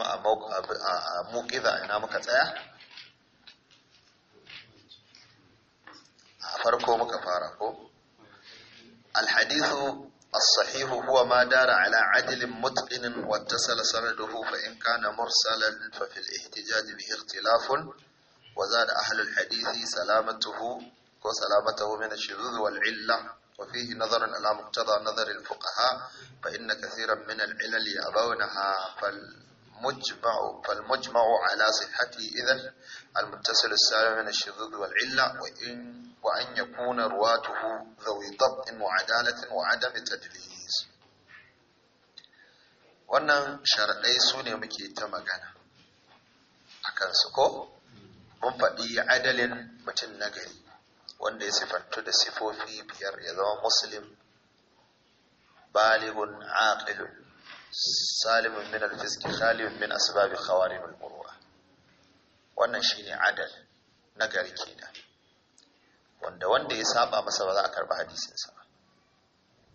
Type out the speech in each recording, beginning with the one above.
kuma a muƙiza ina muka tsaya a farko muka fara ko alhadithu الصحيح هو ما دار على عدل متقن واتصل سنده فإن كان مرسلا ففي الاحتجاج به اختلاف وزاد أهل الحديث سلامته وسلامته من الشذوذ والعلة وفيه نظرا على مقتضى نظر الفقهاء فإن كثيرا من العلل يأبونها فال مجمع فالمجمع على صحته إذا المتصل السالم من الشذوذ والعلة وإن وأن يكون رواته ذوي ضبط وعدالة وعدم تدليس wannan sharaɗai su ne muke ta magana a kansu ko mun faɗi adalin mutum na gari, wanda ya sifantu da sifofi biyar ya zama muslim baligun aqilun سالم min الفسق خالي min asbabi خوارم murwa wannan shine adal na gari kenan wanda wanda ya saba masa ba za a karba hadisin sa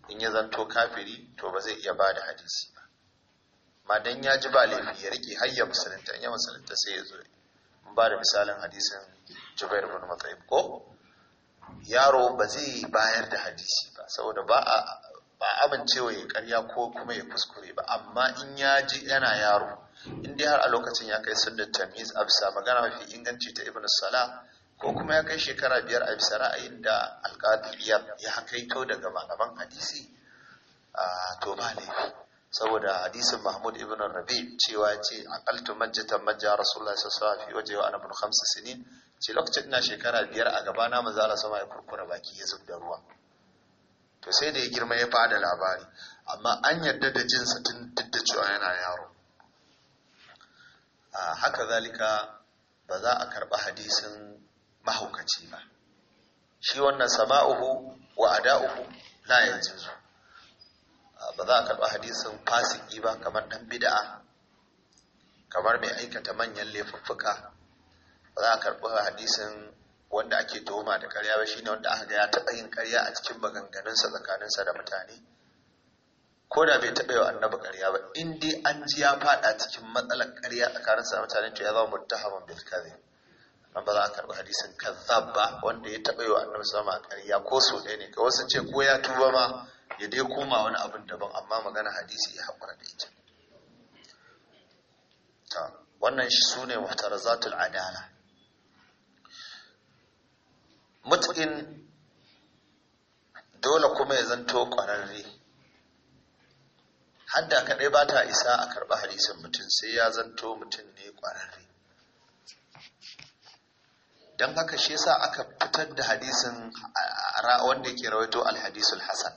in ya zanto kafiri to ba zai iya bada hadisi ba ma dan ya ji ba laifi ya rike hayya musulunta in ya musulunta sai ya zo mun ba da misalin hadisin Jubair ibn Mut'im ko yaro ba zai bayar da hadisi ba saboda ba a ba amincewa ya karya ko kuma ya kuskure ba amma in ya ji yana yaro in dai har a lokacin ya kai sunnat tamiz a bisa magana mafi inganci ta ibn sala ko kuma ya kai shekara biyar a bisa ra'ayin da alƙadi ya kai kau daga malaman hadisi to ba ne saboda hadisin Mahmud ibn Rabi cewa ce aqaltu majjatan majja Rasulullah sallallahu alaihi waje wa ana bin sinin ce lokacin ina shekara biyar a gaba na manzo Allah sama ya kurkura baki ya da ruwa to sai da ya girma ya fada labari amma an yarda da jin tun duk da cewa yana yaro a haka zalika ba za a karɓi hadisin mahaukaci ba shi wannan sama'uhu wa ada'uhu la yanzu. ba za a karɓi hadisin fasiki ba kamar dan bid'a kamar mai aikata manyan laifuffuka ba za a karɓi hadisin wanda ake tuhuma da karya ba shine wanda aka ga ya taɓa yin karya a cikin maganganunsa tsakaninsa da mutane ko da bai taɓa yi wa annabi karya ba in dai an ji ya faɗa cikin matsalar karya tsakaninsa da mutane to ya zama muttahaman bil kadhib an ba za a karɓi hadisin kazzab ba wanda ya taɓa yi wa annabi sama karya ko so ɗaya ne ga wasu ce ko ya tuba ma ya dai koma wani abin daban amma magana hadisi ya haƙura da ita wannan su ne muhtarazatul adala mutukin dole kuma ya zanto kwararre hadda kadai ba ta isa a karɓi hadisin mutum sai ya zanto mutum ne ƙwararre don haka shi sa aka fitar da hadisin wanda ke rawaito alhadisul hasan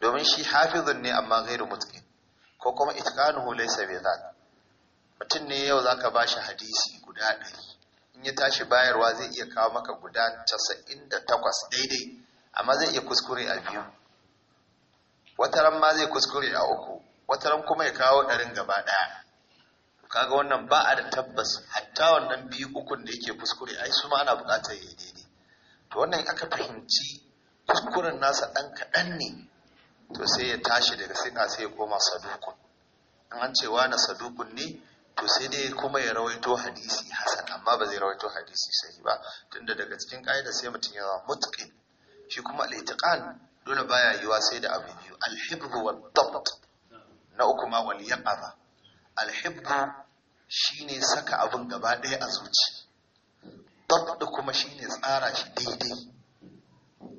domin shi hafizun ne amma gairu mutkin ko kuma itqanuhu laysa bi mutum ne yau zaka shi hadisi guda ɗari in ya tashi bayarwa zai iya kawo maka guda 98 daidai amma zai iya kuskure a biyu wataran ma zai kuskure a uku wataran kuma ya kawo ɗarin gaba ɗaya kaga wannan ba a da tabbas hatta wannan biyu ukun da yake kuskure ai su ma ana buƙatar ya daidai to wannan aka fahimci kuskuren nasa ɗan kaɗan ne to sai ya tashi daga sina sai ya koma sadukun an ce na sadukun ne to sai dai kuma ya rawaito hadisi hasan amma ba zai rawaito hadisi sai ba tunda daga cikin ƙa'ida sai mutum ya zama mutqin shi kuma al-itiqan dole baya yiwa sai da abu biyu al-hibru wa dabt na uku ma wal yaqaba al-hibru shine saka abun gaba ɗaya a zuci dabt kuma shine tsara shi daidai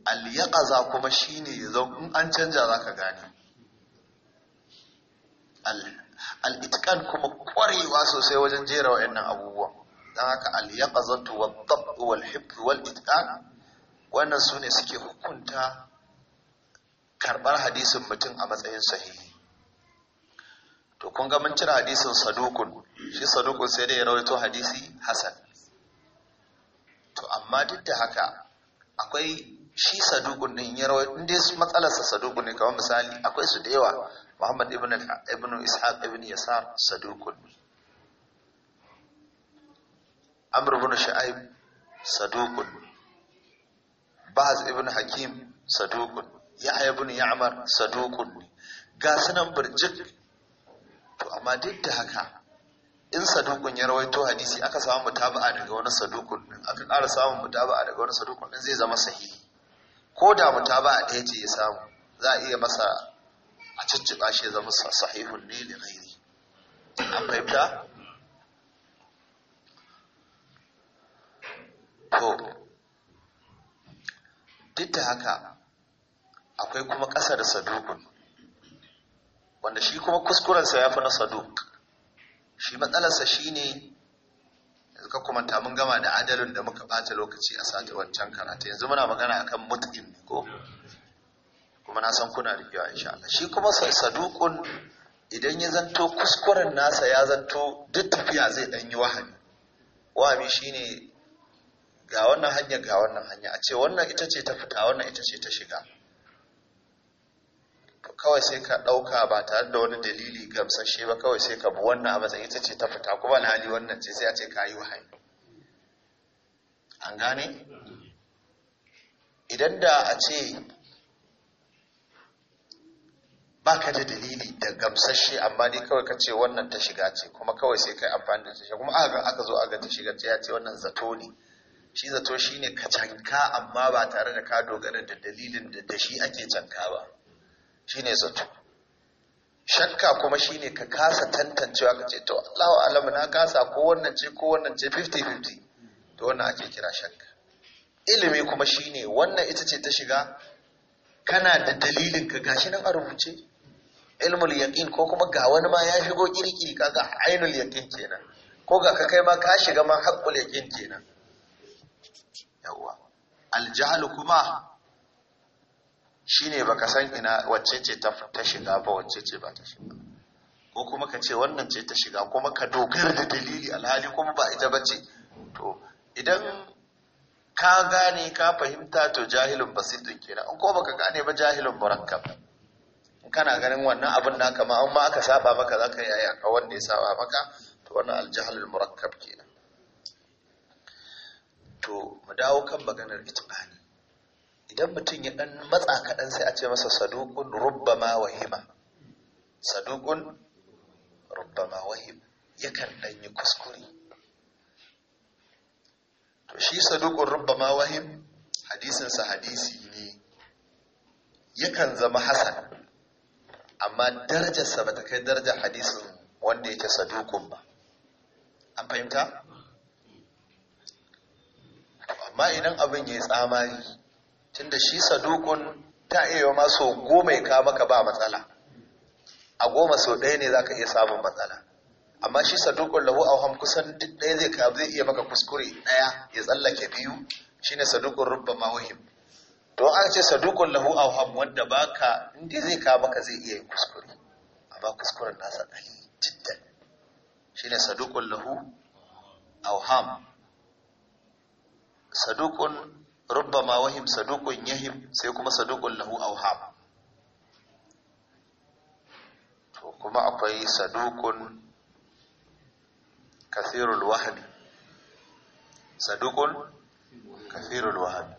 al-yaqaza kuma shine yazo in an canja zaka gane al kuma kwarewa sosai wajen jera wa'annan abubuwan don haka al zato wa tabt wal-hifz wal-itqan wannan sune suke hukunta karbar hadisin mutum a matsayin sahihi to kun ga mun cire hadisin sadukun shi sadukun sai dai ya rawaito hadisi hasan to amma duk da haka akwai shi sadukun din ya rawaito in dai matsalarsa sadukun ne kamar misali akwai su da yawa Muhammad ibn ibn Ishaq ibn Yasar sadukun Amr ibn Shu'aib sadukun Baz ibn Hakim sadukun Yahya ibn Ya'mar sadukun ga sunan birjik to amma duk da haka in sadukun ya rawaito hadisi aka samu mutaba'a daga wani sadukun aka ƙara samun mutaba'a daga wani sadukun din zai zama sahihi ko da mutaba'a ɗaya ce ya samu za a iya masa a cikin shi ya zama sahihun ne da gairi an fahimta to duk da haka akwai kuma ƙasa da sadukun wanda shi kuma kuskurensa ya fi na saduk shi matsalarsa shi ne ka kuma mun gama da adalin da muka bata lokaci a sati wancan karatu yanzu muna magana akan mutum ne ko kuma na san kuna rikewa insha Allah shi kuma sai sadukun idan ya zanto kuskuren nasa ya zanto duk tafiya zai dan yi wahani wahami shine ga wannan hanya ga wannan hanya a ce wannan ita ce ta fita wannan ita ce ta shiga kawai sai ka ɗauka ba tare da wani dalili gamsashe ba kawai sai ka bu wannan abu sai ita ce ta fita kuma alhali wannan ce sai a ce ka yi wahayi an gane idan da a ce ba ka da dalili da gamsashe amma dai kawai ka ce wannan ta shiga ce kuma kawai sai ka yi amfani da ta kuma aka aka zo aka ta shiga ce ya ce wannan zato ne shi zato shi ne ka canka amma ba tare da ka dogara da dalilin da da shi ake canka ba shi ne zato shakka kuma shi ne ka kasa tantancewa ka ce to Allahu alamu na kasa ko wannan ce ko wannan ce 50-50 to wannan ake kira shakka ilimi kuma shi ne wannan ita ce ta shiga kana da dalilin ka gashi nan a rubuce ilmul yaqin ko kuma ga wani ma ya shigo kirkiri kaga ainul yaqin kenan ko ga ka kai ma ka shiga ma haqqul yaqin kenan yawa aljahl kuma shine baka san ina wacce ce ta shiga ba wacce ce ba ta shiga ko kuma ka ce wannan ce ta shiga kuma ka dogara da dalili alhali kuma ba ita bace to idan ka gane ka fahimta to jahilun basitun kenan in ko baka gane ba jahilun murakkab kana ganin wannan abun da kama an ma aka saba maka zaka yi a wanda ya saba maka to wannan aljahalul murakkab kenan to mu dawo kan maganar itibani idan mutum ya dan matsa kaɗan sai a ce masa saduqun rubbama wahima saduqun rubbama wahima yakan dan yi kuskure shi saduqun ma wahim hadisinsa hadisi ne yakan zama hasan amma darajarsa ba ta kai darajar hadisin wanda yake saduqun ba an fahimta amma idan abin ya yayi tsamari tunda shi sadukun ta iya ma goma ya kama maka ba matsala a goma sau ɗaya ne za ka iya samun matsala amma shi sadukun lahu awham kusan duk ɗaya zai ka zai iya maka kuskure ɗaya ya tsallake biyu shine rubba ma wahim to an ce sadukun lahu awham wanda baka inda zai ka maka zai iya yin kuskure amma kuskuren nasa ɗari Shi shine sadukun lahu awham rubba ma wahim sadukun yahim sai kuma sadukun lahu awham to kuma akwai sadukun kathirul wahdi saduqun kathirul wahdi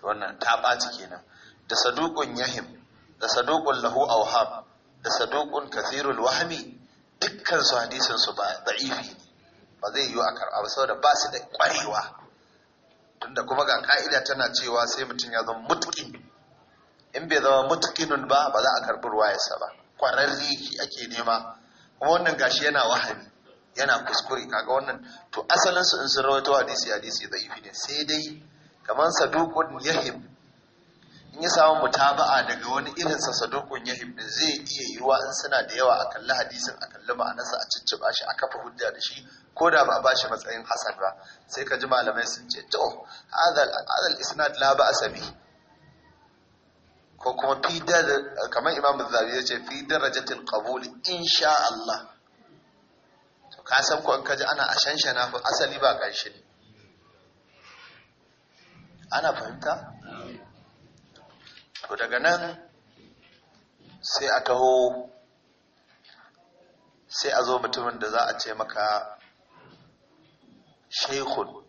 wannan ta ɓaci kenan da saduƙun yahim da saduƙun lahu awham da sadukun kathirul wahami, dukkan su hadisin su ba da'ifi ba zai yi a karɓa saboda ba su da ƙwarewa tunda kuma ga ka'ida tana cewa sai mutum ya zama mutukin in bai zama mutukinun ba ba za a karɓi ruwayarsa ba ƙwararri ake nema kuma wannan gashi yana wahami yana kuskure kaga wannan to asalin su in sun rawaito hadisi hadisi dhaifi ne sai dai kaman saduqun yahim in ya samu mutaba'a daga wani irin sa saduqun yahim din zai iya yiwa in suna da yawa a kalli hadisin a kalli ma'anarsa a cicciba shi a kafa hujja da shi ko da ba a shi matsayin hasan ba sai ka ji malamai sun ce to hadal hadal isnad la ba asabi ko kuma fi kamar imam zabi ya ce fi darajatil qabul insha Allah ka san ko ka ji ana a shanshana fa asali ba ƙarshe ne ana fahimta to daga nan sai a taho sai a zo mutumin da za a ce maka shaikhun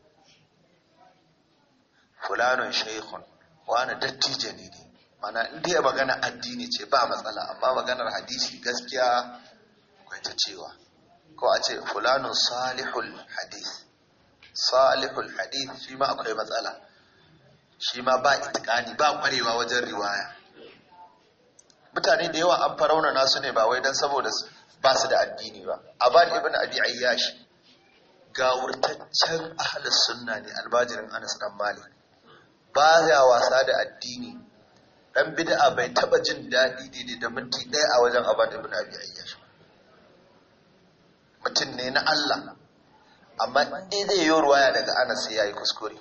fulanun shaikhun wani dattijo ne ne mana inda ya magana addini ce ba matsala amma maganar hadisi gaskiya kwanta cewa ko a ce fulanun salihul hadith salihul hadith shi ma akwai matsala shi ma ba itikani ba kwarewa wajen riwaya mutane da yawa an farauna nasu ne ba wai dan saboda ba su da addini ba abad ibn abi ayyash gawurtaccen ahlus sunna ne albajirin anas dan malik ba ya wasa da addini dan bid'a bai taba jin daɗi daidai da minti ɗaya a wajen abad ibn abi ayyash mutum ne na Allah amma in zai yi ruwaya daga ana sai ya yi kuskure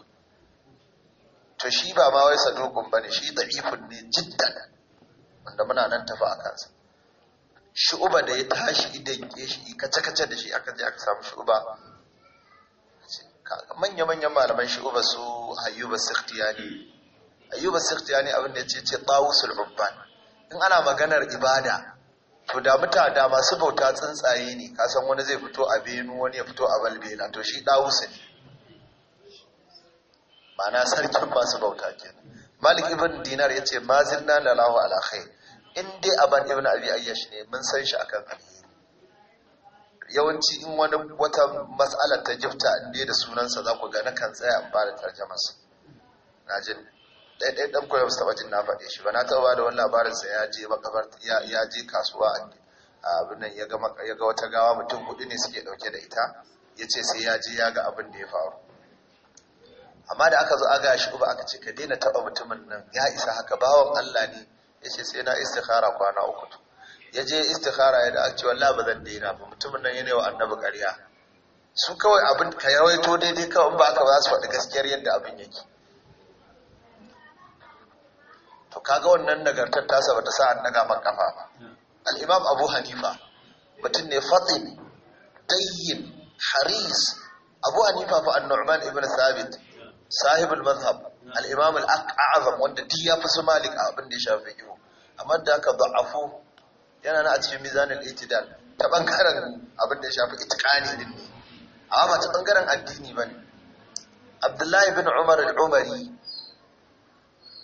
to shi ba ma wai sadokun ba ne shi da'ifun ne jiddan wanda muna nan tafi a kansa shu'uba da ya tashi idan ke shi kace-kace da shi aka je aka samu shu'uba manya-manyan malaman shu'uba su ayyuba sikhtiyani ayyuba sikhtiyani abin da ya ce ce tawusul babban in ana maganar ibada to da muta da masu bauta tsuntsaye ne kasan wani zai fito a benu wani ya fito a balbena to shi dawusu ne mana sarkin masu bauta kenan malik ibn dinar ya ce mazin lalahu da khair in dai aban ibn abi ayyash ne mun san shi akan alheri yawanci in wani wata matsalar ta jifta in dai da sunansa za ku ga na kan tsaya in fara tarjamas. na jin ɗaya ɗaya ɗan koyar taɓa jin na faɗe shi ba na taɓa da wani labarin sa ya je makabar ya je kasuwa a birnin ya ga wata gawa mutum hudu ne suke ɗauke da ita ya ce sai ya je ya ga abin da ya faru amma da aka zo aga shi uba aka ce ka daina taɓa mutumin nan ya isa haka bawan Allah ne ya ce sai na istikhara kwana uku ya je istikhara ya da aka ce wallahi ba zan daina ba mutumin nan yana wa annabi ƙarya su kawai abin ka yawaito daidai kawai ba aka ba su faɗi gaskiyar yadda abin yake to kaga wannan nagartar tasa bata sa an daga man kafa ba al-imam abu hanifa mutum ne fatim tayyin haris abu hanifa fa an-nu'man ibn thabit sahib al-madhhab al-imam al-a'zam wanda di ya fi su malik a abin da ya shafi fiqh amma da aka da'afu yana na a cikin mizanin itidal ta bangaren abin da ya shafi itikani din ne amma ta bangaren addini bane abdullahi bin umar al-umari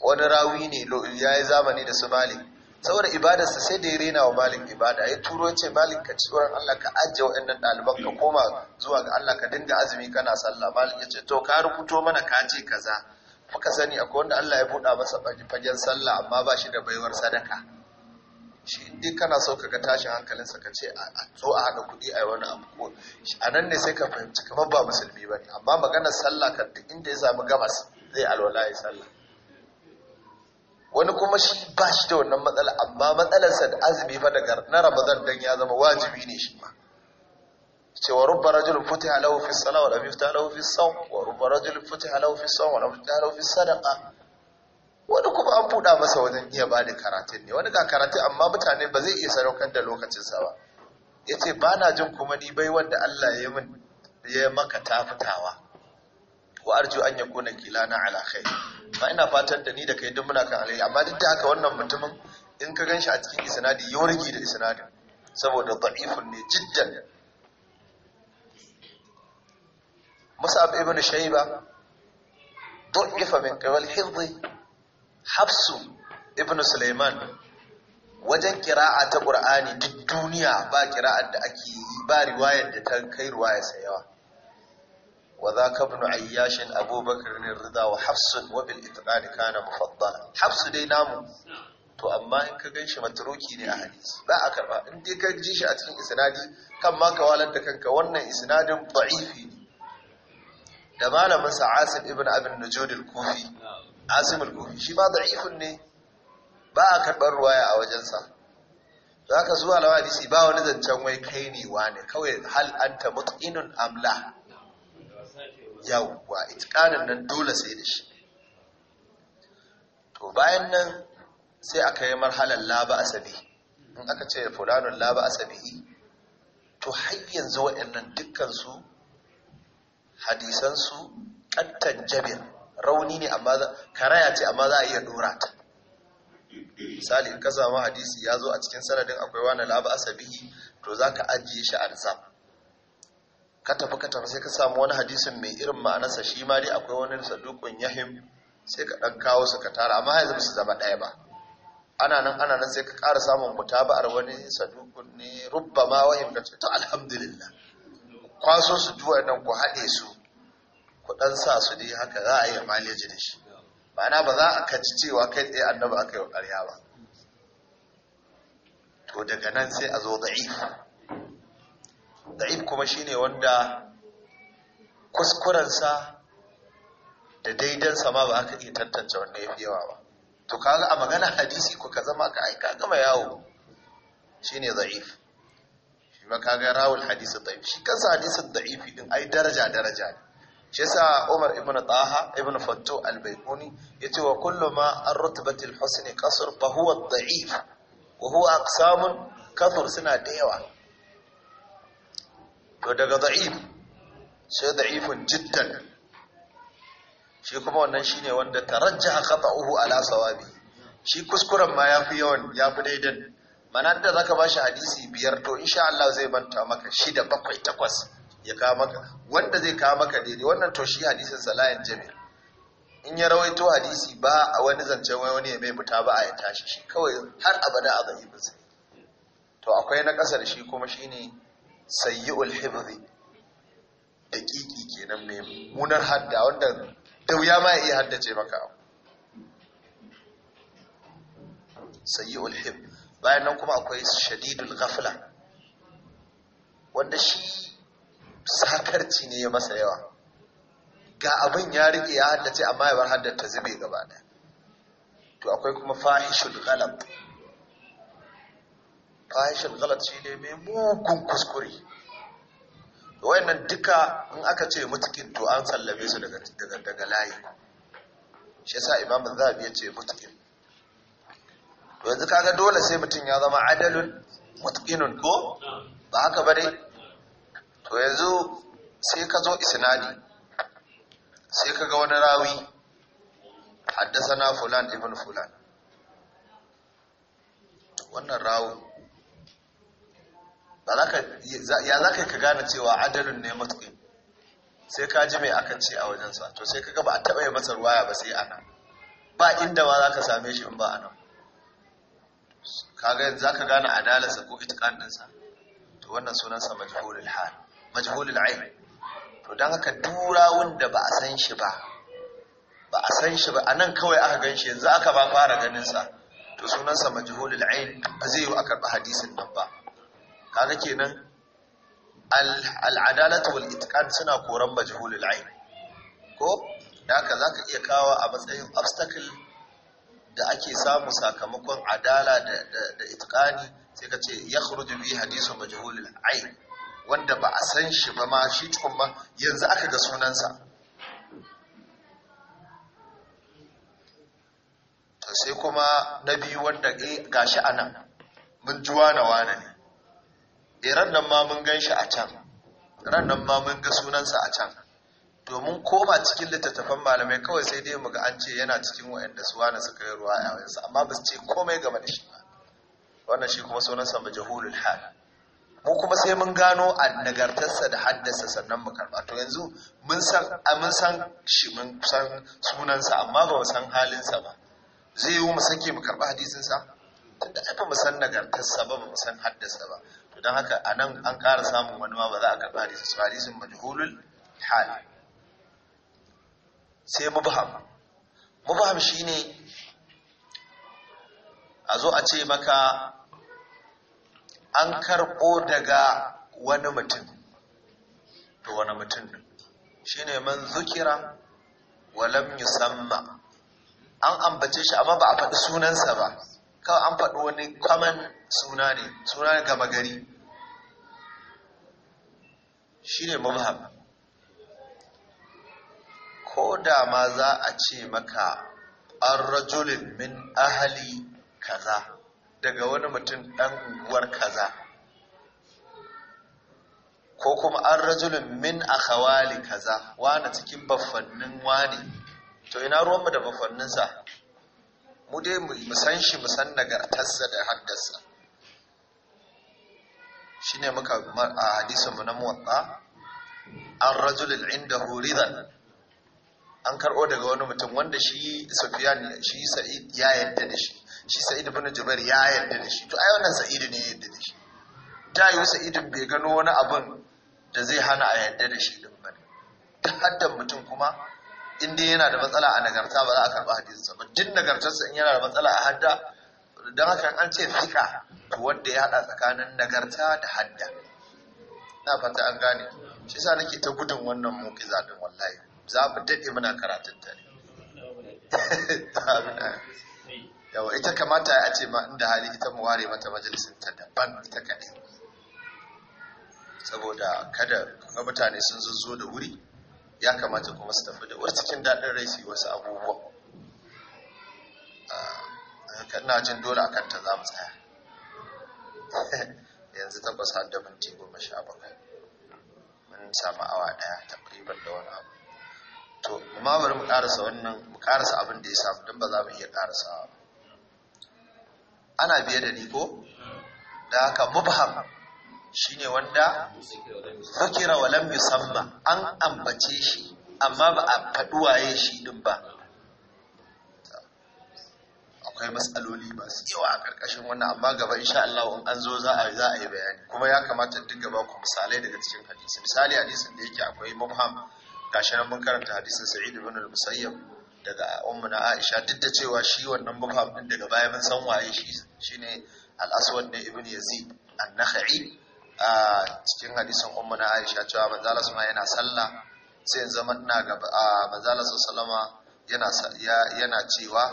wani rawi ne ya yi zamani da su malik saboda ibadarsa sai da ya rena wa malik ibada ya turo ce malik ka ci tsoron Allah ka ajiye waɗannan ɗaliban ka koma zuwa ga Allah ka dinga azumi kana sallah malik ya ce to ka rubuto mana ka ce kaza muka sani akwai wanda Allah ya buɗa masa fagen sallah amma ba shi da baiwar sadaka shi indai kana so ka ga tashin hankalinsa ka ce a zo a haɗa kuɗi a wani abu ko a nan ne sai ka fahimci kamar ba musulmi ba ne amma maganar sallah kan duk inda ya sami gabas zai alwala ya sallah wani kuma shi ba shi da wannan matsala amma matsalarsa da azumi fa daga na ramadan dan ya zama wajibi ne shi ma cewa rubba rajulun futiha lahu fi salat wa lam yuftah lahu fi sawm wa rubba rajulun futiha lahu fi sawm wa lam yuftah lahu fi sadaqa wani kuma an buɗa masa wajen iya ba da karatun ne wani ga karatun amma mutane ba zai iya sadaukar da lokacinsa ba ya ce ba na jin kuma ni bai wanda Allah ya min ya maka tafitawa wa arju an yakuna kilana ala khair ba ina fatan da ni da kai duk muna kan alheri amma duk da haka wannan mutumin in ka ganshi a cikin isnadi ya rigi da isnadi saboda da'ifun ne jiddan musab ibn shayba du'ifa min qawal hifzi hafsu ibn sulaiman wajen kira'a ta qur'ani duk duniya ba kira'ar da ake yi ba riwayar da ta kai riwaya sa yawa وذاك ابن عياش أبو بكر الرضا وحفص وبالإتقان كان مفضلا حفص دي نامو to amma in ka ganshi mataroki ne a hadisi ba a karba in dai ka ji shi a cikin isnadi kan ma da kanka wannan isnadin da'ifi ne da malamin sa Asim ibn Abin Najud al-Kufi Asim al-Kufi shi ma da'ifun ne ba a karbar ruwaya a wajensa zaka zuwa lawa hadisi ba wani zancen wai kai ne wani kawai hal anta mutqinun amla wa itikanin nan dole sai da shi to bayan nan sai a kai marhalar laba asabi in aka ce fulanun laba asabi to har yanzu waɗannan dukkansu hadisansu ƙantan jabir rauni ne amma karaya ce amma za a iya dora ta misali in ka samu hadisi ya zo a cikin sanadin akwai wani laba asabi to za ka ajiye shi a ka tafi ka tafi sai ka samu wani hadisin mai irin ma'anarsa shi ma dai akwai wani sadukun yahim sai ka ɗan kawo su ka tara amma yanzu su zama ɗaya ba ana nan ana nan sai ka ƙara samun mutaba'ar wani sadukun ne rubba ma wahim ka ce to alhamdulillah kwaso su duwa nan ku haɗe su ku ɗan sa su dai haka za a yi ji da shi ma'ana ba za a kaci cewa kai tsaye annaba aka yi ƙarya ba to daga nan sai a zo da'if da'if kuma shine wanda kuskurensa da daidansa ma ba aka iya tantance wanda ya fi yawa ba to kaga a magana hadisi ko ka zama ka aika gama yawo shine da'if shi ma kaga rawul hadisi da'if shi kansa hadisin da'ifi din ai daraja daraja ne shi yasa Umar ibn Taha ibn Fattu al-Baiquni yace wa kullu ma ar-rutbati al-husni qasr fa huwa ad-da'if wa huwa aqsamun kathur suna da yawa to daga da'if sai da'ifun jiddan shi kuma wannan ne wanda tarajjaha qata'uhu ala sawabi shi kuskuren ma ya fi yawan ya fi daidan mana da zaka shi hadisi biyar to insha Allah zai manta maka shida bakwai takwas ya kawo maka wanda zai kawo maka daidai wannan to shi hadisin salayan jami'a in ya rawaito hadisi ba a wani zance wai wani ya mai fita ba a ya tashi shi kawai har abada a zahibinsa to akwai na kasar shi kuma shine sayyi'ul hifzi daƙiƙi kenan mai munar hadda wanda da wuya ma ya iya haddace maka sayyi'ul hifz bayan nan kuma akwai shadidul ghafla wanda shi sakarci ne ya masa yawa ga abin ya rike ya haddace amma ya bar ta zube gaba daya to akwai kuma fahishul ghalab fahishul galat shi ne mai mugun kuskure wayannan duka in aka ce mutukin to an sallame su daga layi shi yasa imam zabi ya ce mutukin to yanzu kaga dole sai mutum ya zama adalun mutukinun ko ba haka bane to yanzu sai ka zo isnadi sai ka ga wani rawi haddasa na fulan ibn fulan wannan rawun ya za ka ka gane cewa adalun ne matuƙi sai ka ji mai akan ce a wajensa to sai ka ba a taɓa yi masa ruwaya ba sai ana ba inda ma za ka same shi in ba a nan kaga za ka gane adalarsa ko itikan ɗinsa to wannan sunansa majhulul hal majhulul ayn to dan haka durawun da ba a san shi ba ba a san shi ba anan kawai aka gan shi yanzu aka ba fara ganin sa to sunansa majhulul ayn ba zai yi aka ba hadisin nan ba kaga kenan al'adalatu wal itqan suna koran majhulul ayn ko da haka zaka iya kawo a matsayin obstacle da ake samu sakamakon adala da da itqani sai ka ce yakhruju bi hadisu majhulul ayn wanda ba a san shi ba ma shi tukun ba yanzu aka ga sunansa sai kuma na biyu wanda eh, gashi anan mun juwa na wane ne e ran nan ma mun gan shi a can ran nan ma mun ga sunansa a can domin koma cikin littattafan malamai kawai sai dai mu ga an ce yana cikin wa'anda su wani suka yi ruwa a yawansa, amma ba su ce komai game da shi ba wannan shi kuma sunansa majahulul hal mu kuma sai mun gano a nagartarsa da haddasa sannan mu karba to yanzu mun san mun san shi mun san sunansa amma ba mu san halinsa ba zai yi mu sake mu karba hadisinsa tunda ai ba mu san nagartarsa ba ba mu san haddasa ba don haka a nan an ƙara samun wani ma ba za a karɓi hadisi su hadisin majhulul hal sai mubham mubham shine a zo a ce maka an karɓo daga wani mutum to wani mutum ne shine man zukira walam yusamma an ambace shi amma ba a faɗi sunansa ba kawai an faɗi wani kwaman suna ne suna ne gama gari shi ne mubham ko da ma za a ce maka an rajulin min ahali kaza daga wani mutum ɗan unguwar kaza ko kuma an rajulin min akhawali kaza wani cikin baffannin wani to ina ruwanmu da baffanninsa mu dai mu san shi mu san nagartarsa da Shi shine muka a hadisin mu na muwatta an rajulul indahu ridan an karɓo daga wani mutum wanda shi Sufyan shi Sa'id ya yarda da shi shi Sa'id ibn Jubair ya yarda da shi to ai wannan Sa'id ne ya yarda da shi ta yi Sa'id bai gano wani abin da zai hana a yarda da shi din ba ta haddan mutum kuma in dai yana da matsala a nagarta ba za a karɓi hadisinsa ba duk nagartarsa in yana da matsala a hadda don haka an ce fika wanda ya haɗa tsakanin nagarta da hadda na fata an gane shi sa nake ta gudun wannan mukiza din wallahi za mu daɗe muna karatun ta ne yawa ita kamata ya ce ma inda hali ita mu ware mata majalisin ta daban ita kaɗai saboda kada ga mutane sun zo da wuri ya kamata kuma su tafi da cikin daɗin rai su yi wasu abubuwa ah, na jin dole a kanta za mu tsaya yanzu takwas har da minti goma sha bakwai mun samu awa ɗaya takriban da wani abu to ma bari mu karasa wannan mu karasa abin da ya samu don ba za mu iya karasawa ana biye da ni ko da haka mubham Shi ne wanda zikira wa musamman an ambace shi amma ba a faɗi waye shi din ba akwai matsaloli masu yawa a ƙarƙashin wannan amma gaba insha Allah in an zo za a za a yi bayani kuma ya kamata duk gaba ku misalai daga cikin hadisi misali hadisin da yake akwai mubham gashi nan mun karanta hadisin Sa'id ibn al-Musayyab daga ummu na Aisha duk da cewa shi wannan mubham din daga baya mun san waye shi shine al-Aswad ne ibn Yazid an-Nakhai a cikin hadisin ummu na Aisha cewa manzala sama yana sallah sai in zama ina ga manzala sallama yana yana cewa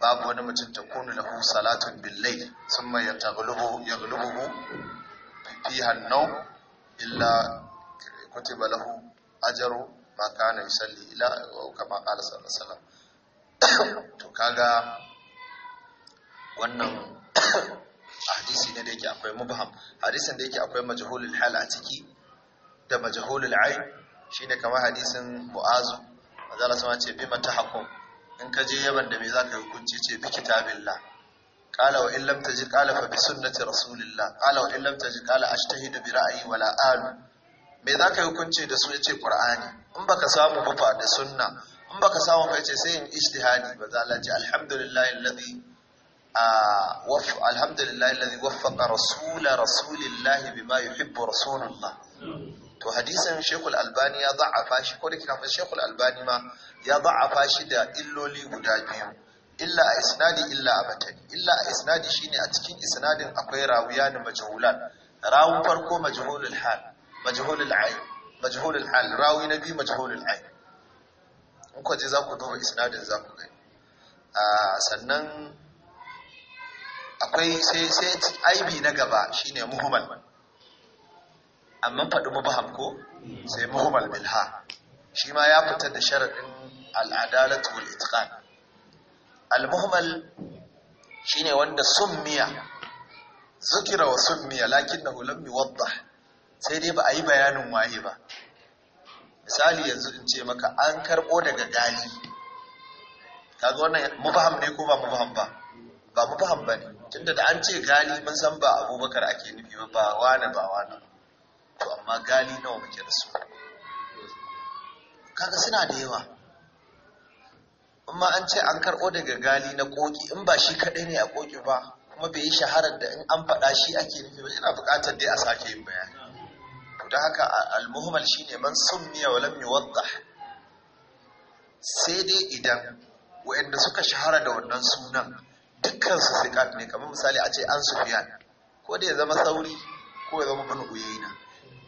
babu wani mutum ta kunu lahu salatun billahi summa yataghlubu yaghlubuhu fiha an-nawm illa kutiba lahu ajru ma kana yusalli ila kama qala sallallahu alaihi wasallam to kaga wannan hadisi ne da yake akwai mubham hadisin da yake akwai majhulul hal a ciki da majhulul ayn shine kamar hadisin mu'azu azala sama ce bi mata hakum in ka je yaban da me zaka hukunci ce bi kitabillah qala wa in lam taji qala fa bi sunnati rasulillah qala wa in lam taji qala ashtahidu bi ra'yi wala alu me zaka hukunci da su yace qur'ani in baka samu ba da sunna in baka samu ba ce sai in ijtihadi bazala ce alhamdulillahi alladhi alhamdulillah alladhi waffaqa rasula rasulillahi bima yuhibbu rasulullah to hadisin shekul albani ya za'afa shi ko da kina fa shekul albani ma ya za'afa shi da illoli guda biyu illa a isnadi illa a batani illa a isnadi shine a cikin isnadin akwai rawiya ne majhulan rawun farko majhulul hal majhulul ayn majhulul hal rawi na biyu majhulul ayn in ku je za ku duba isnadin za ku gani sannan akwai sai sai aibi na gaba shine muhimman. amma faɗi mubaham ko sai muhimman bilha shi ma ya fitar da sharaɗin al'adalatu wal itqan al-muhimmal shine wanda summiya zikira wa summiya lakinnahu lam yuwaddah sai dai ba a yi bayanin waye ba misali yanzu in ce maka an karɓo daga gali kaga wannan mubaham ne ko ba mubaham ba ba mubaham ba ne tunda da an ce gali mun san ba abubakar ake nufi ba ba wane ba wane to amma gali nawa muke da su kaga suna da yawa amma an ce an karɓo daga gali na koki in ba shi kaɗai ne a koki ba kuma bai yi shaharar da in an faɗa shi ake nufi ba ina buƙatar dai a sake yin bayani da haka al-muhimmal shine man summiya wa lam yuwaddah sai dai idan wa'inda suka shahara da wannan sunan dukkansu sikat ne kamar misali a ce an sufiyan ko da ya zama sauri ko ya zama bin na.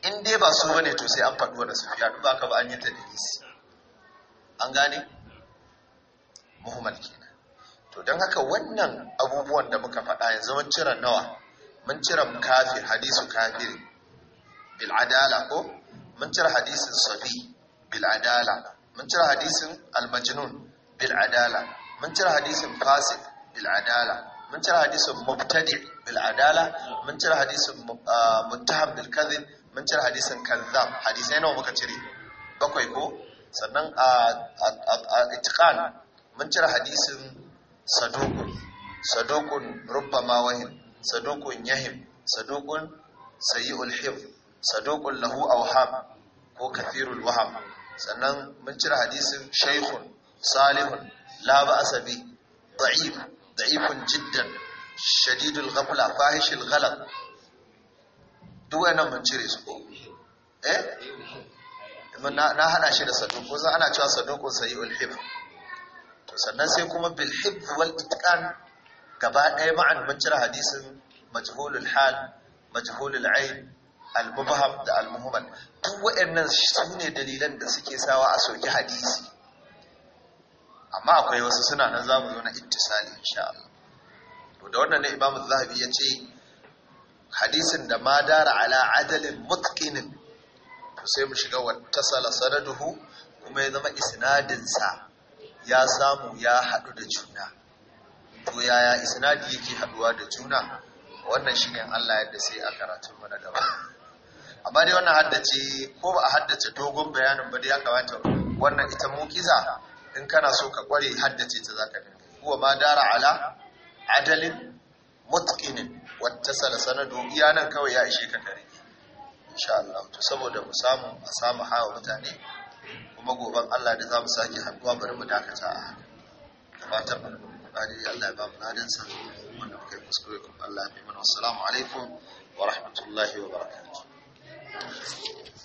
in dai ba su bane to sai an faɗi wani sufiyan ba ka ba an yi ta dalisi an gane muhimmal kenan to don haka wannan abubuwan da muka faɗa ya zama cire nawa mun cire kafir hadisu kafir bil adala ko mun cire hadisin safi bil adala mun cire hadisin al majnun bil adala mun cire hadisin fasik bil adala mun cire hadisin mubtadi bil adala hadisin ah, muttaham hadisin kazzab hadisai nawa muka cire bakwai ko sannan a ah, ah, itiqan mun cire hadisin saduqun saduqun rubbama wahim saduqun yahim saduqun sayyi'ul hifz saduqun lahu awham ko kathirul waham sannan mun cire hadisin shaykhun salihun da'if da'ifun jiddan shadidul ghafla fahishul ghalab duk wannan mun cire su eh na hada shi da saduq ko ana cewa saduqun sayyul hib to sannan sai kuma bil hib wal itqan gaba ɗaya ma'an mun cire hadisin majhulul hal majhulul ayn al mubham da al muhammad duk waɗannan su ne dalilan da suke sawa a soki hadisi amma akwai wasu suna nan za zo na ittisali insha Allah to da wannan ne Imam Zahabi ya ce hadisin da ma dara ala adalin mutqinin sai mu shiga wattasala sanaduhu kuma ya zama isnadin sa ya samu ya hadu da juna to yaya isnadi yake haduwa da juna wannan shine Allah yadda sai a karatun na gaba amma dai wannan haddace ko ba a haddace dogon bayanin ba dai ya kamata wannan ita mukiza in kana so ka kware haddace ta zaka dinga huwa ma dara ala adalin mutqinin wattasala sanadu iya nan kawai ya ishe ka kare insha Allah to saboda mu samu a samu hawa mutane kuma goban Allah da zamu sake haduwa bari mu dakata a haka fatan bari Allah ya ba mu ladan sa wannan kai kuskure ku Allah ya bi mana assalamu alaikum wa rahmatullahi wa barakatuh